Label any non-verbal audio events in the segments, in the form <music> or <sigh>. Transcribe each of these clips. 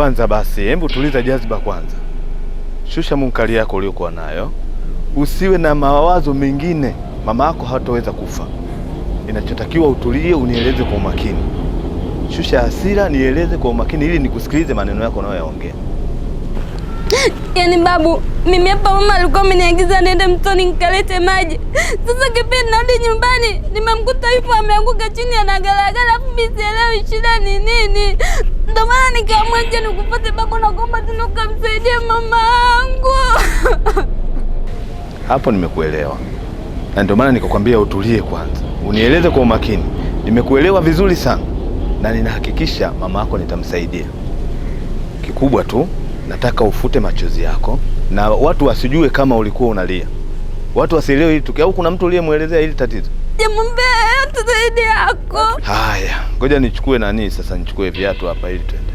Kwanza basi, hebu tuliza jaziba kwanza, shusha munkari yako uliokuwa nayo, usiwe na mawazo mengine. Mama yako hataweza kufa. Inachotakiwa utulie, unieleze kwa umakini, shusha hasira, nieleze kwa umakini ili nikusikilize maneno yako unayoyaongea. Yaani babu, mimi hapa mama alikuwa ameniagiza niende mtoni nikalete maji. Sasa kipindi narudi nyumbani nimemkuta hivyo ameanguka chini anagalagala, afu mimi sielewi shida ni nini. Ndio maana nikaamua nje nikupate baba na kuomba tena ukamsaidie mama yangu. <laughs> Hapo nimekuelewa, na ndio maana nikakwambia utulie kwanza, unieleze kwa umakini. Nimekuelewa vizuri sana, na ninahakikisha mama yako nitamsaidia. Kikubwa tu nataka ufute machozi yako na watu wasijue kama ulikuwa unalia, watu wasielewe hili tukio, au kuna mtu uliyemwelezea hili tatizo? Sijamuombea hata zaidi yako. Haya, ngoja nichukue nani sasa, nichukue viatu hapa ili twende.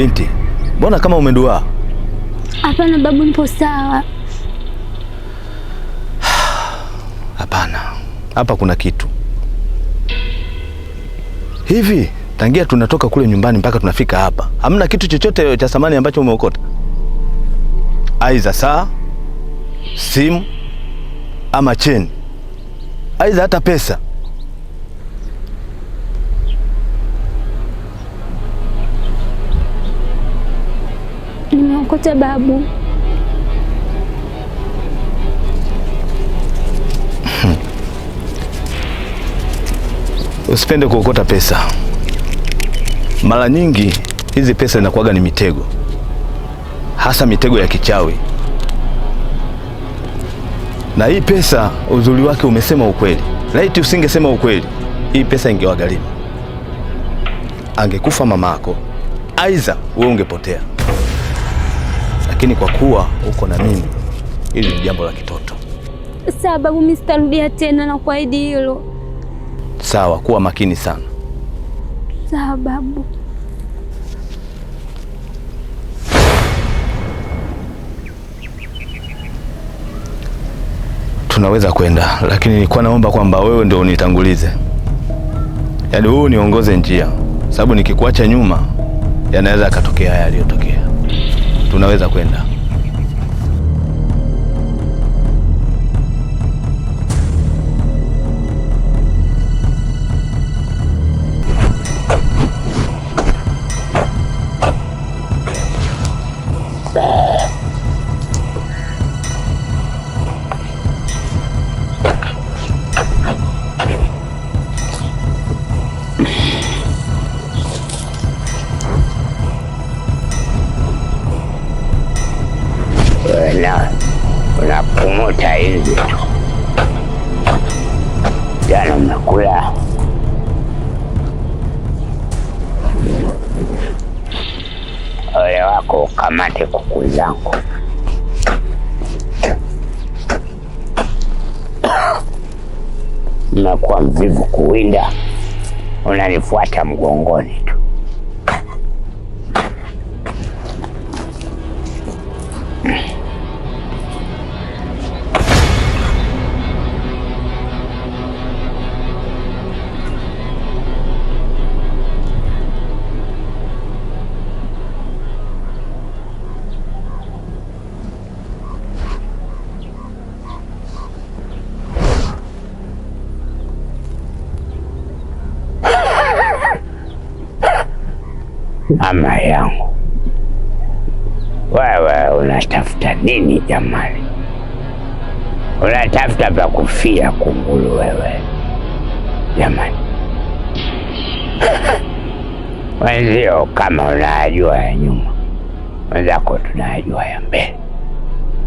Binti, mbona kama umeduaa? Hapana babu, nipo sawa. Hapana, hapa kuna kitu hivi. Tangia tunatoka kule nyumbani mpaka tunafika hapa, hamna kitu chochote cha samani ambacho umeokota, aidha saa, simu ama cheni, aidha hata pesa. Nakuta babu. Usipende kuokota pesa. Mara nyingi hizi pesa zinakuwaga ni mitego, hasa mitego ya kichawi. Na hii pesa uzuri wake umesema ukweli. Laiti usingesema ukweli, hii pesa ingewagharimu, angekufa mamako, aidha wewe ungepotea lakini kwa kuwa uko na mimi, hili ni jambo la kitoto. Sababu mimi sitarudia tena na kuahidi hilo. Sawa, kuwa makini sana. Sababu Tunaweza kwenda, lakini nilikuwa naomba kwamba wewe ndio unitangulize, yaani wewe uniongoze njia, sababu nikikuacha nyuma yanaweza yakatokea yaliyotokea tunaweza kwenda. chakula. Ole wako ukamate kuku zangu. Unakuwa mvivu kuwinda, unanifuata mgongoni. mama yangu, wewe unatafuta nini jamani? Unatafuta pa kufia kunguru wewe jamani? <laughs> Wenzio kama unayajua ya nyuma, wenzako tunayajua ya mbele.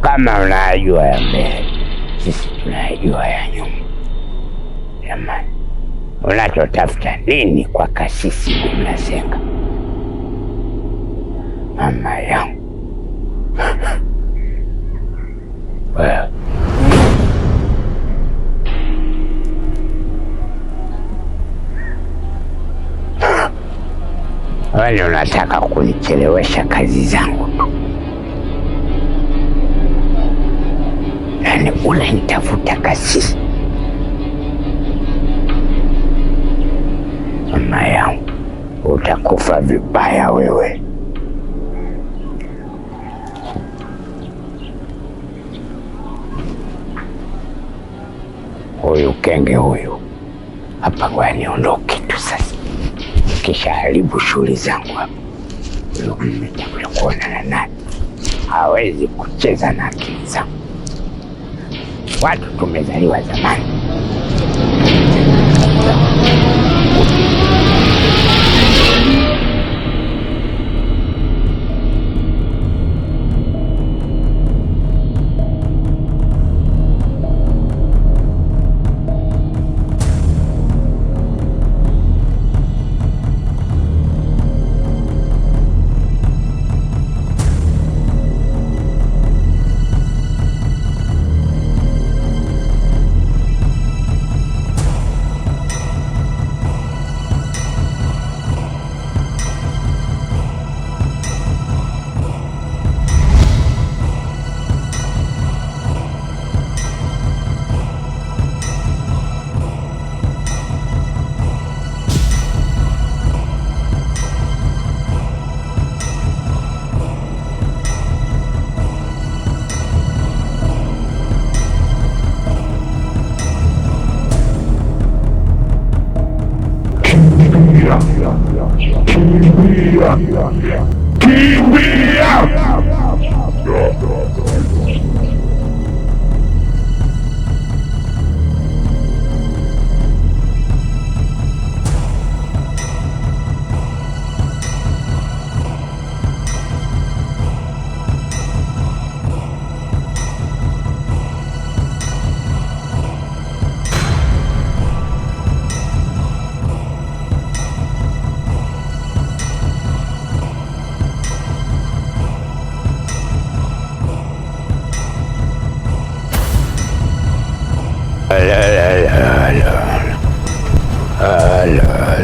Kama unayajua ya mbele, sisi tunayajua ya nyuma jamani. Unachotafuta nini kwa kasisi kumnasenga? mama yangu <laughs> wewe. Wale unataka kunichelewesha kazi zangu, tu yaani unanitafuta kasisi mama yangu, utakufa vibaya wewe. Kenge huyu hapa kwa niondoke tu sasa, kisha haribu shughuli zangu hapa. Utakuja kuona na nani hawezi kucheza na akili zangu. Watu tumezaliwa zamani. Keep me out.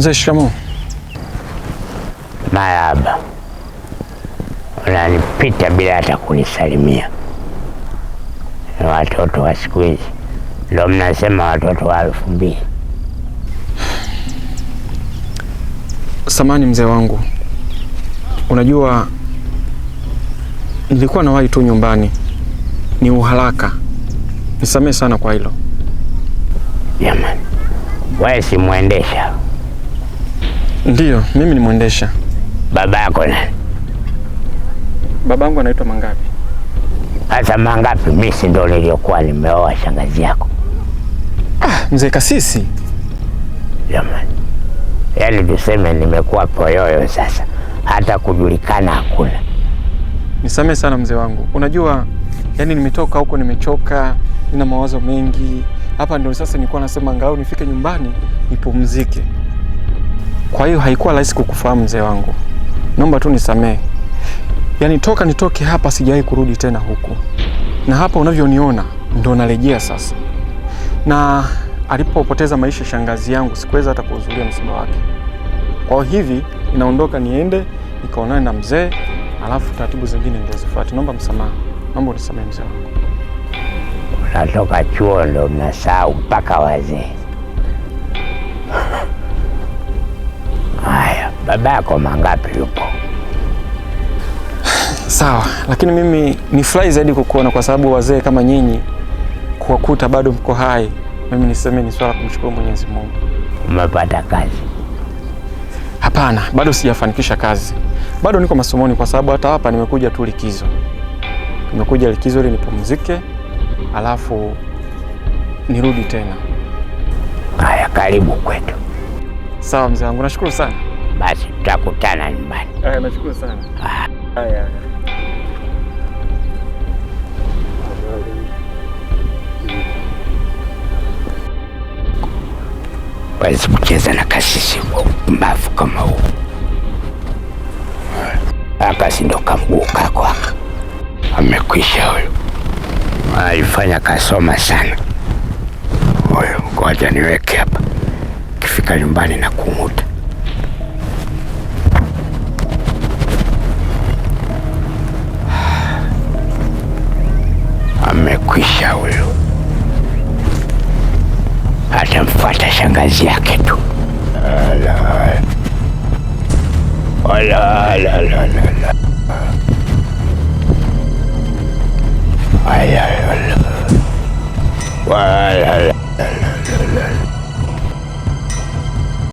Mzee, shikamoo. Marahaba. Unanipita bila hata kunisalimia. Watoto wa siku hizi ndio mnasema watoto wa elfu mbili. Samani mzee wangu, unajua nilikuwa nawahi tu nyumbani, ni uharaka, nisamehe sana kwa hilo. Jamani, wewe simwendesha Ndiyo, mimi ni mwendesha. Baba yako baba babangu anaitwa Mangapi? Hasa Mangapi misi ndo niliyokuwa nimeoa shangazi yako. Ah, mzee Kasisi jamani, yaani tuseme nimekuwa poyoyo sasa, hata kujulikana hakuna. Nisamehe sana mzee wangu, unajua yaani nimetoka huko, nimechoka, nina mawazo mengi hapa, ndio sasa nilikuwa nasema angalau nifike nyumbani nipumzike. Kwa hiyo haikuwa rahisi kukufahamu mzee wangu, naomba tu nisamehe. Yaani toka nitoke hapa sijawahi kurudi tena huku, na hapa unavyoniona ndo narejea sasa. Na alipopoteza maisha shangazi yangu sikuweza hata kuhudhuria msiba wake. Kwa hivi naondoka niende nikaonane na mzee, alafu taratibu zingine ndio zifuate. Naomba msamaha, naomba unisamehe mzee wangu. Unatoka chuo ndo mnasahau mpaka wazee. baba yako mangapi yupo? Sawa, lakini mimi ni furahi zaidi kukuona kwa sababu wazee kama nyinyi kuwakuta bado mko hai, mimi niseme ni swala kumshukuru Mwenyezi Mungu. Umepata kazi? Hapana, bado sijafanikisha kazi, bado niko masomoni, kwa sababu hata hapa nimekuja tu likizo. Nimekuja likizo ili nipumzike, alafu nirudi tena. Haya, karibu kwetu. Sawa mzee wangu, nashukuru sana. Basi tutakutana nyumbani. Haya, nashukuru sana. Haya. Wezi kucheza na kasisi mafu kama huu akasi ndo kambuka kwaka, amekwisha huyo. Alifanya kasoma sana huyo, ngoja niweke hapa, kifika nyumbani na kumuta amekwisha huyu, atamfuata shangazi yake tu.